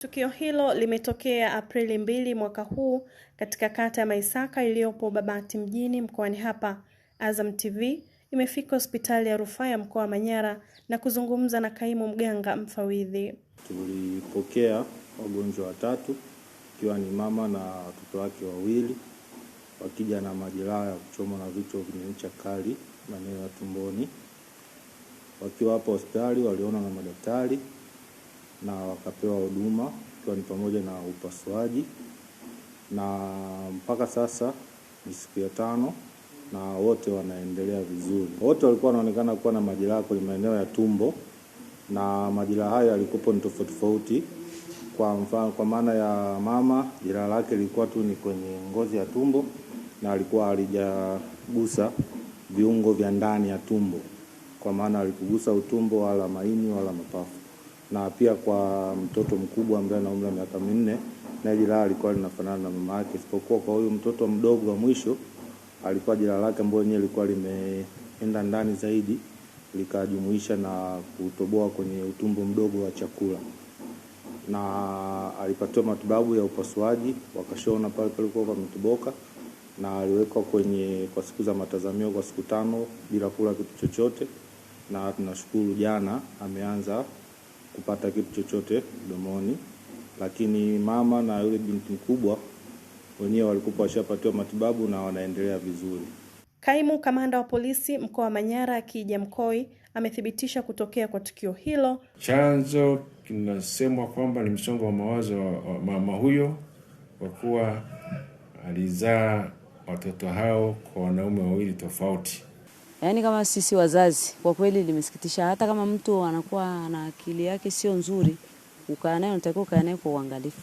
Tukio hilo limetokea Aprili mbili mwaka huu katika kata ya Maisaka iliyopo Babati mjini mkoani hapa. Azam TV imefika hospitali ya rufaa ya mkoa wa Manyara na kuzungumza na kaimu mganga mfawidhi. Tulipokea wagonjwa watatu ikiwa ni mama na watoto wake wawili wakija na majeraha ya kuchomwa na vitu vyenye ncha kali maeneo ya tumboni. Wakiwa hapo hospitali, waliona na madaktari na wakapewa huduma ikiwa ni pamoja na upasuaji, na mpaka sasa ni siku ya tano na wote wanaendelea vizuri. Wote walikuwa wanaonekana kuwa na majeraha kwenye maeneo ya tumbo, na majeraha hayo yalikuwa ni tofauti tofauti. Kwa mfano, kwa maana ya mama, jeraha lake lilikuwa tu ni kwenye ngozi ya tumbo na alikuwa alijagusa viungo vya ndani ya tumbo, kwa maana alikugusa utumbo wala maini wala mapafu na pia kwa mtoto mkubwa ambaye ana umri wa miaka minne, naye jeraha alikuwa linafanana na mama yake, isipokuwa kwa huyo mtoto mdogo wa mwisho alikuwa jina lake ambayo yenyewe ilikuwa limeenda ndani zaidi likajumuisha na kutoboa kwenye utumbo mdogo wa chakula, na alipatiwa matibabu ya upasuaji, wakashona pale palikuwa pametoboka, na aliwekwa kwenye kwa siku za matazamio kwa siku tano bila kula kitu chochote, na tunashukuru jana ameanza kupata kitu chochote mdomoni, lakini mama na yule binti mkubwa wenyewe walikuwa washapatiwa matibabu na wanaendelea vizuri. Kaimu kamanda wa polisi mkoa wa Manyara Kija Mkoi amethibitisha kutokea kwa tukio hilo. Chanzo kinasemwa kwamba ni msongo wa mawazo wa mama huyo, kwa kuwa alizaa watoto hao kwa wanaume wawili tofauti. Yaani kama sisi wazazi, kwa kweli limesikitisha. Hata kama mtu anakuwa na akili yake sio nzuri, ukaa naye, unatakiwa ukaa naye kwa uangalifu.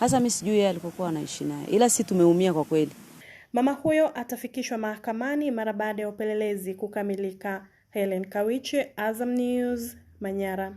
Hasa mimi sijui yeye alikokuwa anaishi naye, ila si tumeumia kwa kweli. Mama huyo atafikishwa mahakamani mara baada ya upelelezi kukamilika. Helen Kawiche, Azam News, Manyara.